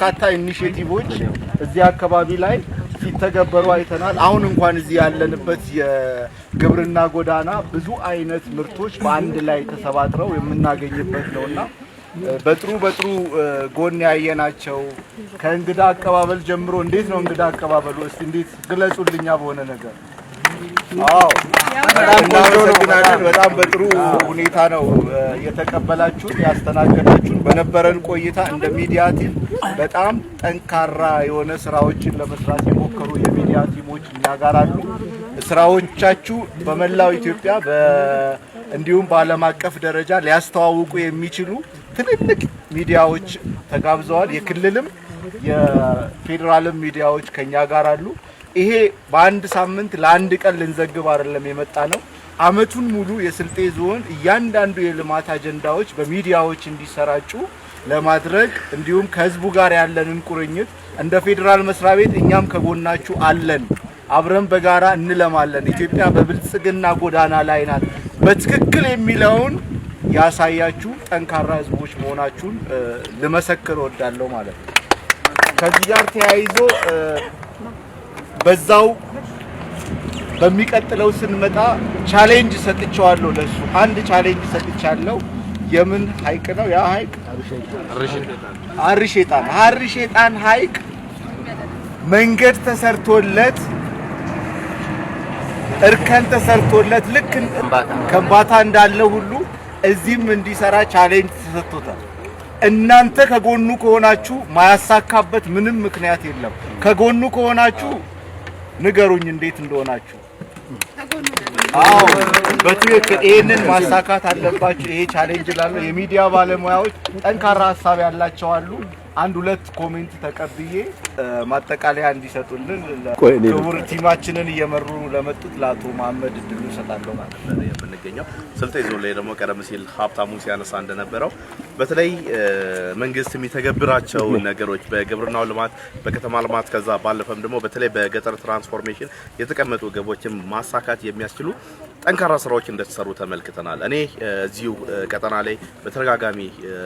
በርካታ ኢኒሼቲቮች እዚህ አካባቢ ላይ ሲተገበሩ አይተናል። አሁን እንኳን እዚህ ያለንበት የግብርና ጎዳና ብዙ አይነት ምርቶች በአንድ ላይ ተሰባጥረው የምናገኝበት ነው እና በጥሩ በጥሩ ጎን ያየናቸው ከእንግዳ አቀባበል ጀምሮ እንዴት ነው እንግዳ አቀባበሉ? እስቲ እንዴት ግለጹልኛ በሆነ ነገር እናመሰግናለን። በጣም በጥሩ ሁኔታ ነው የተቀበላችሁን ያስተናገዳችሁን። በነበረን ቆይታ እንደ ሚዲያ ቲም በጣም ጠንካራ የሆነ ስራዎችን ለመስራት የሞከሩ የሚዲያ ቲሞች እኛ ጋር አሉ። ስራዎቻችሁ በመላው ኢትዮጵያ እንዲሁም በዓለም አቀፍ ደረጃ ሊያስተዋውቁ የሚችሉ ትልልቅ ሚዲያዎች ተጋብዘዋል። የክልልም የፌዴራልም ሚዲያዎች ከኛ ጋር አሉ። ይሄ በአንድ ሳምንት ለአንድ ቀን ልንዘግብ አይደለም የመጣ ነው። አመቱን ሙሉ የስልጤ ዞን እያንዳንዱ የልማት አጀንዳዎች በሚዲያዎች እንዲሰራጩ ለማድረግ እንዲሁም ከህዝቡ ጋር ያለንን ቁርኝት እንደ ፌዴራል መስሪያ ቤት እኛም ከጎናችሁ አለን፣ አብረን በጋራ እንለማለን፣ ኢትዮጵያ በብልጽግና ጎዳና ላይ ናት በትክክል የሚለውን ያሳያችሁ ጠንካራ ህዝቦች መሆናችሁን ልመሰክር እወዳለሁ ማለት ነው። ከዚህ ጋር ተያይዞ በዛው በሚቀጥለው ስንመጣ ቻሌንጅ ሰጥቼዋለሁ። ለሱ አንድ ቻሌንጅ ሰጥቻለሁ። የምን ሀይቅ ነው ያ ሐይቅ? ሀሪ ሼጣን ሀሪ ሼጣን ሐይቅ መንገድ ተሰርቶለት እርከን ተሰርቶለት ልክ ከምባታ እንዳለ ሁሉ እዚህም እንዲሰራ ቻሌንጅ ተሰጥቶታል። እናንተ ከጎኑ ከሆናችሁ ማያሳካበት ምንም ምክንያት የለም። ከጎኑ ከሆናችሁ ንገሩኝ እንዴት እንደሆናችሁ። አዎ በትክክል ይህንን ማሳካት አለባችሁ። ይሄ ቻሌንጅ ላለ የሚዲያ ባለሙያዎች ጠንካራ ሀሳብ ያላቸው አሉ። አንድ ሁለት ኮሜንት ተቀብዬ ማጠቃለያ እንዲሰጡልን ክቡር ቲማችንን እየመሩ ለመጡት ለአቶ መሀመድ እድሉ እሰጣለሁ ማለት ነው። የምንገኘው ስልጤ ዞን ላይ ደግሞ ቀደም ሲል ሀብታሙ ሲያነሳ እንደነበረው በተለይ መንግስት የሚተገብራቸው ነገሮች በግብርናው ልማት፣ በከተማ ልማት ከዛ ባለፈም ደግሞ በተለይ በገጠር ትራንስፎርሜሽን የተቀመጡ ግቦችን ማሳካት የሚያስችሉ ጠንካራ ስራዎች እንደተሰሩ ተመልክተናል። እኔ እዚሁ ቀጠና ላይ በተደጋጋሚ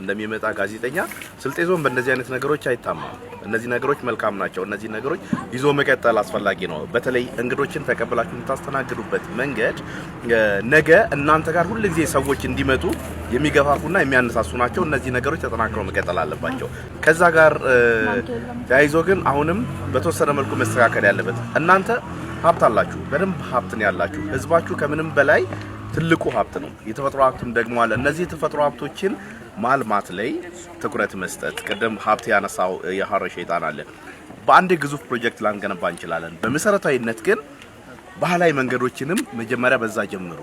እንደሚመጣ ጋዜጠኛ ስልጤ ዞን በእነዚህ አይነት ነገሮች አይታማም። እነዚህ ነገሮች መልካም ናቸው። እነዚህ ነገሮች ይዞ መቀጠል አስፈላጊ ነው። በተለይ እንግዶችን ተቀብላችሁ የምታስተናግዱበት መንገድ ነገ እናንተ ጋር ሁል ጊዜ ሰዎች እንዲመጡ የሚገፋፉና የሚያነሳሱ ናቸው። እነዚህ ነገሮች ተጠናክረው መቀጠል አለባቸው። ከዛ ጋር ተያይዞ ግን አሁንም በተወሰነ መልኩ መስተካከል ያለበት እናንተ ሀብት አላችሁ፣ በደንብ ሀብት ነው ያላችሁ። ህዝባችሁ ከምንም በላይ ትልቁ ሀብት ነው። የተፈጥሮ ሀብትም ደግሞ አለ። እነዚህ የተፈጥሮ ሀብቶችን ማልማት ላይ ትኩረት መስጠት። ቅድም ሀብት ያነሳው የሀረ ሸይጣን አለ። በአንድ ግዙፍ ፕሮጀክት ላንገነባ እንችላለን። በመሰረታዊነት ግን ባህላዊ መንገዶችንም መጀመሪያ በዛ ጀምሩ፣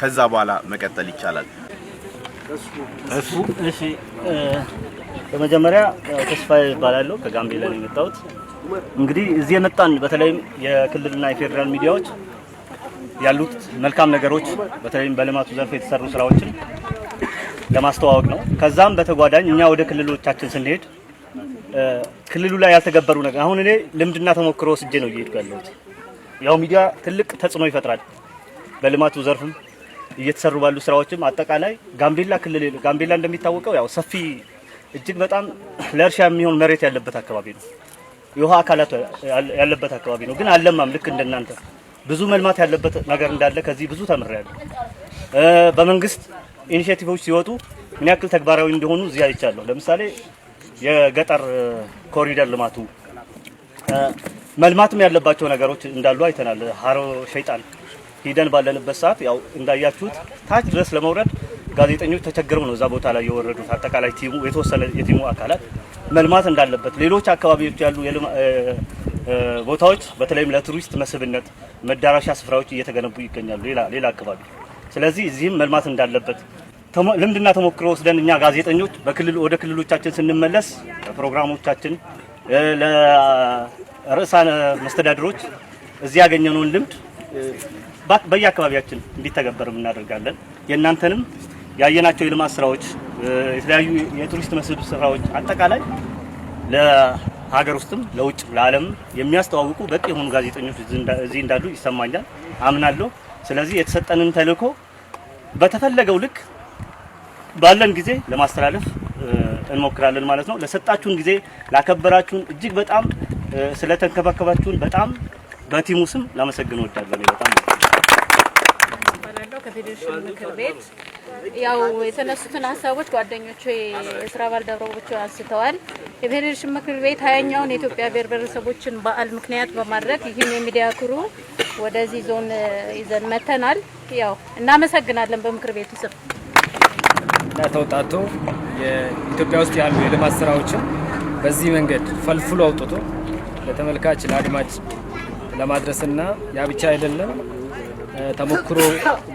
ከዛ በኋላ መቀጠል ይቻላል። እሱ እሺ። በመጀመሪያ ተስፋ እባላለሁ ከጋምቤላ ነው የመጣሁት። እንግዲህ እዚህ የመጣን በተለይም የክልልና የፌዴራል ሚዲያዎች ያሉት መልካም ነገሮች በተለይም በልማቱ ዘርፍ የተሰሩ ስራዎችን ለማስተዋወቅ ነው። ከዛም በተጓዳኝ እኛ ወደ ክልሎቻችን ስንሄድ ክልሉ ላይ ያልተገበሩ ነገር አሁን እኔ ልምድና ተሞክሮ ወስጄ ነው እየሄድኩ ያለሁት። ያው ሚዲያ ትልቅ ተጽዕኖ ይፈጥራል። በልማቱ ዘርፍም እየተሰሩ ባሉ ስራዎችም አጠቃላይ ጋምቤላ ክልል ጋምቤላ እንደሚታወቀው ያው ሰፊ እጅግ በጣም ለእርሻ የሚሆን መሬት ያለበት አካባቢ ነው። የውሃ አካላት ያለበት አካባቢ ነው፣ ግን አለማም ልክ እንደናንተ ብዙ መልማት ያለበት ነገር እንዳለ ከዚህ ብዙ ተምሬያለሁ። በመንግስት ኢኒሽቲቭዎች ሲወጡ ምን ያክል ተግባራዊ እንደሆኑ እዚህ አይቻለሁ። ለምሳሌ የገጠር ኮሪደር ልማቱ መልማትም ያለባቸው ነገሮች እንዳሉ አይተናል። ሀሮ ሸይጣን ሂደን ባለንበት ሰዓት ያው እንዳያችሁት ታች ድረስ ለመውረድ ጋዜጠኞች ተቸግረው ነው እዛ ቦታ ላይ የወረዱት። አጠቃላይ ቲሙ የተወሰነ የቲሙ አካላት መልማት እንዳለበት ሌሎች አካባቢዎች ያሉ ቦታዎች በተለይም ለቱሪስት መስህብነት መዳረሻ ስፍራዎች እየተገነቡ ይገኛሉ። ሌላ ሌላ አካባቢ ስለዚህ እዚህም መልማት እንዳለበት ልምድና ተሞክሮ ወስደን እኛ ጋዜጠኞች በክልል ወደ ክልሎቻችን ስንመለስ ፕሮግራሞቻችን ለርዕሳነ መስተዳድሮች እዚህ ያገኘነውን ልምድ በየአካባቢያችን እንዲተገበርም እናደርጋለን። የእናንተንም ያየናቸው የልማት ስራዎች የተለያዩ የቱሪስት መስህብ ስፍራዎች አጠቃላይ ለሀገር ውስጥም ለውጭ ለዓለም የሚያስተዋውቁ በቂ የሆኑ ጋዜጠኞች እዚህ እንዳሉ ይሰማኛል፣ አምናለሁ። ስለዚህ የተሰጠንን ተልኮ በተፈለገው ልክ ባለን ጊዜ ለማስተላለፍ እንሞክራለን ማለት ነው። ለሰጣችሁን ጊዜ ላከበራችሁን፣ እጅግ በጣም ስለተንከባከባችሁን በጣም በቲሙ ስም ላመሰግን እወዳለሁ። በጣም ከፌዴሬሽን ምክር ቤት ያው የተነሱትን ሀሳቦች ጓደኞቹ የስራ ባልደረቦቹ አንስተዋል። የፌዴሬሽን ምክር ቤት ሀያኛውን የኢትዮጵያ ብሔር ብሔረሰቦችን በዓል ምክንያት በማድረግ ይህን የሚዲያ ክሩ ወደዚህ ዞን ይዘን መተናል። ያው እናመሰግናለን። በምክር ቤቱ ስም ተወጣቶ የኢትዮጵያ ውስጥ ያሉ የልማት ስራዎችን በዚህ መንገድ ፈልፍሎ አውጥቶ ለተመልካች ለአድማጭ ለማድረስና ያ ብቻ አይደለም ተሞክሮ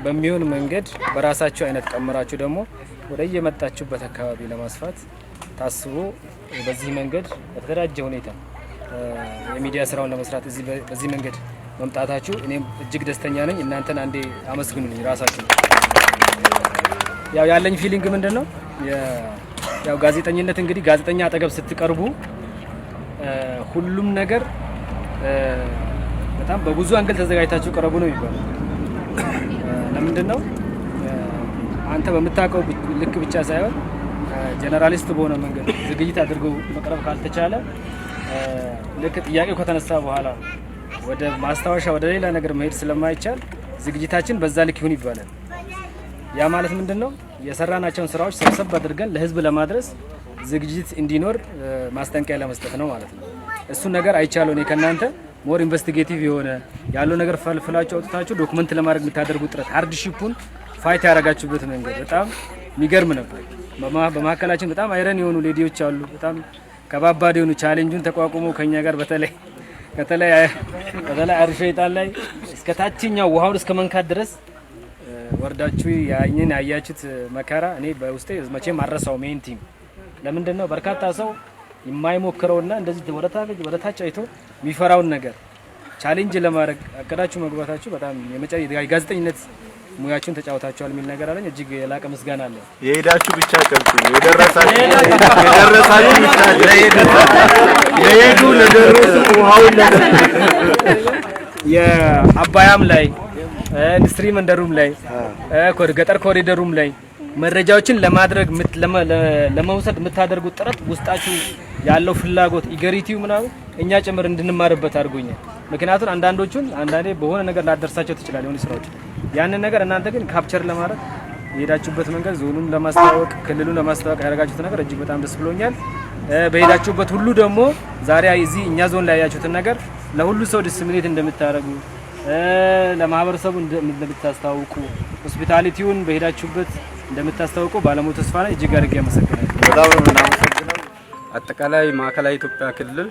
በሚሆን መንገድ በራሳቸው አይነት ቀምራችሁ ደግሞ ወደ የመጣችሁበት አካባቢ ለማስፋት ታስቦ በዚህ መንገድ በተደራጀ ሁኔታ የሚዲያ ስራውን ለመስራት በዚህ መንገድ መምጣታችሁ እኔም እጅግ ደስተኛ ነኝ። እናንተን አንዴ አመስግኑልኝ ራሳችሁ። ያው ያለኝ ፊሊንግ ምንድን ነው? ያው ጋዜጠኝነት እንግዲህ ጋዜጠኛ አጠገብ ስትቀርቡ ሁሉም ነገር በጣም በብዙ አንግል ተዘጋጅታችሁ ቀረቡ ነው የሚባለው። ለምንድን ነው አንተ በምታውቀው ልክ ብቻ ሳይሆን ጀነራሊስት በሆነ መንገድ ዝግጅት አድርገው መቅረብ ካልተቻለ ልክ ጥያቄው ከተነሳ በኋላ ወደ ማስታወሻ ወደ ሌላ ነገር መሄድ ስለማይቻል ዝግጅታችን በዛ ልክ ይሁን ይባላል። ያ ማለት ምንድን ነው? የሰራናቸውን ስራዎች ሰብሰብ አድርገን ለህዝብ ለማድረስ ዝግጅት እንዲኖር ማስጠንቀቂያ ለመስጠት ነው ማለት ነው። እሱን ነገር አይቻለው እኔ ከእናንተ ሞር ኢንቨስቲጌቲቭ የሆነ ያለው ነገር ፈልፍላችሁ አውጥታችሁ ዶክመንት ለማድረግ የምታደርጉት ጥረት ሃርድሺፑን ፋይት ያደረጋችሁበት መንገድ በጣም የሚገርም ነበር። በመካከላችን በጣም አይረን የሆኑ ሌዲዎች አሉ። በጣም ከባባድ የሆኑ ቻሌንጁን ተቋቁመው ከኛ ጋር በተለይ ከተለይ ከተለይ አሪፍ ላይ እስከ ታችኛው ውሃውን እስከ መንካት ድረስ ወርዳችሁ ያኝን ያያችሁት መከራ እኔ በውስጤ መቼም አረሳው ሜን ቲም ለምንድን ነው በርካታ ሰው የማይሞክረውና እንደዚህ ወደታች አይቶ የሚፈራውን ነገር ቻሌንጅ ለማድረግ አቀዳችሁ መግባታችሁ በጣም የጋዜጠኝነት ሙያችሁን ተጫውታችኋል የሚል ነገር አለኝ። እጅግ የላቀ ምስጋና አለ። የሄዳችሁ ብቻ ቀምጡ፣ የደረሳችሁ ብቻ የሄዱ ለደረሱ የአባያም ላይ ኢንዱስትሪ መንደሩም ላይ ገጠር ኮሪደሩም ላይ መረጃዎችን ለማድረግ ለመውሰድ የምታደርጉት ጥረት ውስጣችሁ ያለው ፍላጎት ኢገሪቲው ምናምን እኛ ጭምር እንድንማርበት አድርጎኛል። ምክንያቱም አንዳንዶቹን አንዳንዴ በሆነ ነገር ላደርሳቸው ትችላል የሆኑ ስራዎች ያንን ነገር እናንተ ግን ካፕቸር ለማድረግ የሄዳችሁበት መንገድ ዞኑን ለማስተዋወቅ ክልሉን ለማስተዋወቅ ያደረጋችሁት ነገር እጅግ በጣም ደስ ብሎኛል። በሄዳችሁበት ሁሉ ደግሞ ዛሬ እዚህ እኛ ዞን ላይ ያያችሁትን ነገር ለሁሉ ሰው ዲስሚኔት እንደምታደርጉ ለማህበረሰቡ እንደምታስታውቁ ሆስፒታሊቲውን በሄዳችሁበት እንደምታስታውቁ ባለሙሉ ተስፋ ላይ እጅግ አድርጌ አመሰግናለሁ። አጠቃላይ ማዕከላዊ ኢትዮጵያ ክልል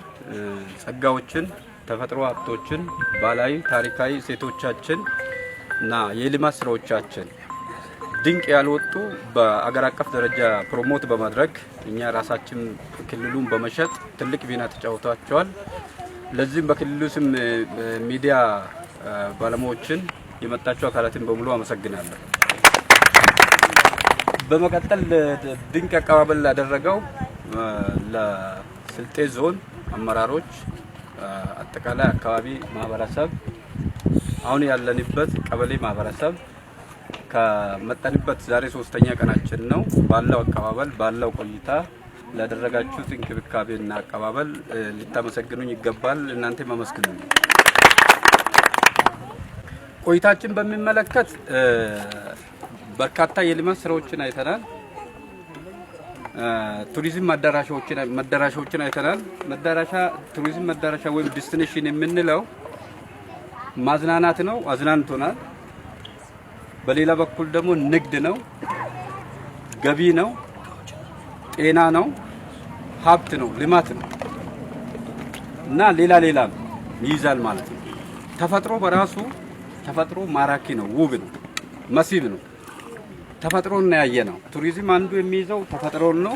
ጸጋዎችን፣ ተፈጥሮ ሀብቶችን፣ ባህላዊ ታሪካዊ እሴቶቻችን እና የልማት ስራዎቻችን ድንቅ ያልወጡ በአገር አቀፍ ደረጃ ፕሮሞት በማድረግ እኛ ራሳችን ክልሉን በመሸጥ ትልቅ ሚና ተጫውቷቸዋል። ለዚህም በክልሉ ስም ሚዲያ ባለሙያዎችን የመጣቸው አካላትን በሙሉ አመሰግናለሁ። በመቀጠል ድንቅ አቀባበል ያደረገው። ለስልጤ ዞን አመራሮች፣ አጠቃላይ አካባቢ ማህበረሰብ አሁን ያለንበት ቀበሌ ማህበረሰብ ከመጣንበት ዛሬ ሶስተኛ ቀናችን ነው። ባለው አቀባበል ባለው ቆይታ ላደረጋችሁት እንክብካቤና አቀባበል ሊታመሰግኑኝ ይገባል። እናንተ ማመስገን ቆይታችን በሚመለከት በርካታ የልማት ስራዎችን አይተናል። ቱሪዝም መዳረሻዎችን አይተናል። መዳረሻ ቱሪዝም መዳረሻ ወይም ዲስቲኔሽን የምንለው ማዝናናት ነው፣ አዝናንቶናል። በሌላ በኩል ደግሞ ንግድ ነው፣ ገቢ ነው፣ ጤና ነው፣ ሀብት ነው፣ ልማት ነው እና ሌላ ሌላ ይይዛል ማለት ነው። ተፈጥሮ በራሱ ተፈጥሮ ማራኪ ነው፣ ውብ ነው፣ መሲብ ነው። ተፈጥሮን ነው ያየ ነው። ቱሪዝም አንዱ የሚይዘው ተፈጥሮን ነው።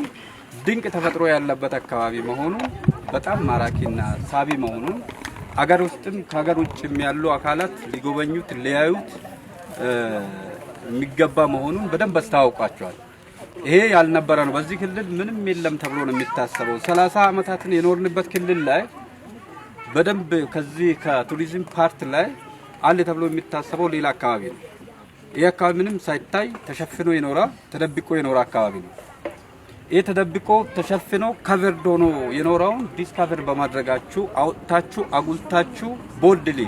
ድንቅ ተፈጥሮ ያለበት አካባቢ መሆኑ በጣም ማራኪና ሳቢ መሆኑን አገር ውስጥም ከሀገር ውጭም ያሉ አካላት ሊጎበኙት ሊያዩት የሚገባ መሆኑን በደንብ አስተዋውቋቸዋል። ይሄ ያልነበረ ነው። በዚህ ክልል ምንም የለም ተብሎ ነው የሚታሰበው። ሰላሳ ዓመታትን የኖርንበት ክልል ላይ በደንብ ከዚህ ከቱሪዝም ፓርት ላይ አለ ተብሎ የሚታሰበው ሌላ አካባቢ ነው። ይህ አካባቢ ምንም ሳይታይ ተሸፍኖ የኖረ ተደብቆ የኖረ አካባቢ ነው። ይህ ተደብቆ ተሸፍኖ ከቨርድ ሆኖ የኖረውን ዲስካቨር በማድረጋችሁ አውጥታችሁ አጉልታችሁ ቦልድሊ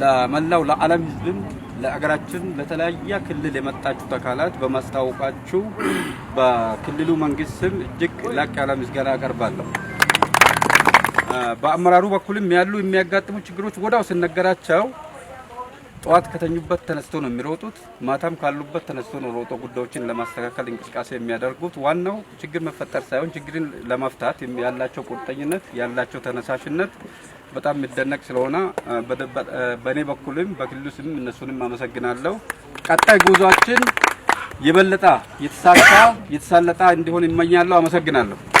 ለመላው ለዓለም ሕዝብም ለአገራችን ለተለያየ ክልል የመጣችሁ አካላት በማስታወቃችሁ በክልሉ መንግስት ስም እጅግ ላቅ ያለ ምስጋና አቀርባለሁ። በአመራሩ በኩልም ያሉ የሚያጋጥሙ ችግሮች ወዳው ስነገራቸው ጠዋት ከተኙበት ተነስቶ ነው የሚሮጡት። ማታም ካሉበት ተነስቶ ነው ሮጦ ጉዳዮችን ለማስተካከል እንቅስቃሴ የሚያደርጉት። ዋናው ችግር መፈጠር ሳይሆን ችግርን ለመፍታት ያላቸው ቁርጠኝነት፣ ያላቸው ተነሳሽነት በጣም የሚደነቅ ስለሆነ በእኔ በኩልም በክልሉ ስም እነሱንም አመሰግናለሁ። ቀጣይ ጉዟችን የበለጠ የተሳካ የተሳለጠ እንዲሆን ይመኛለሁ። አመሰግናለሁ።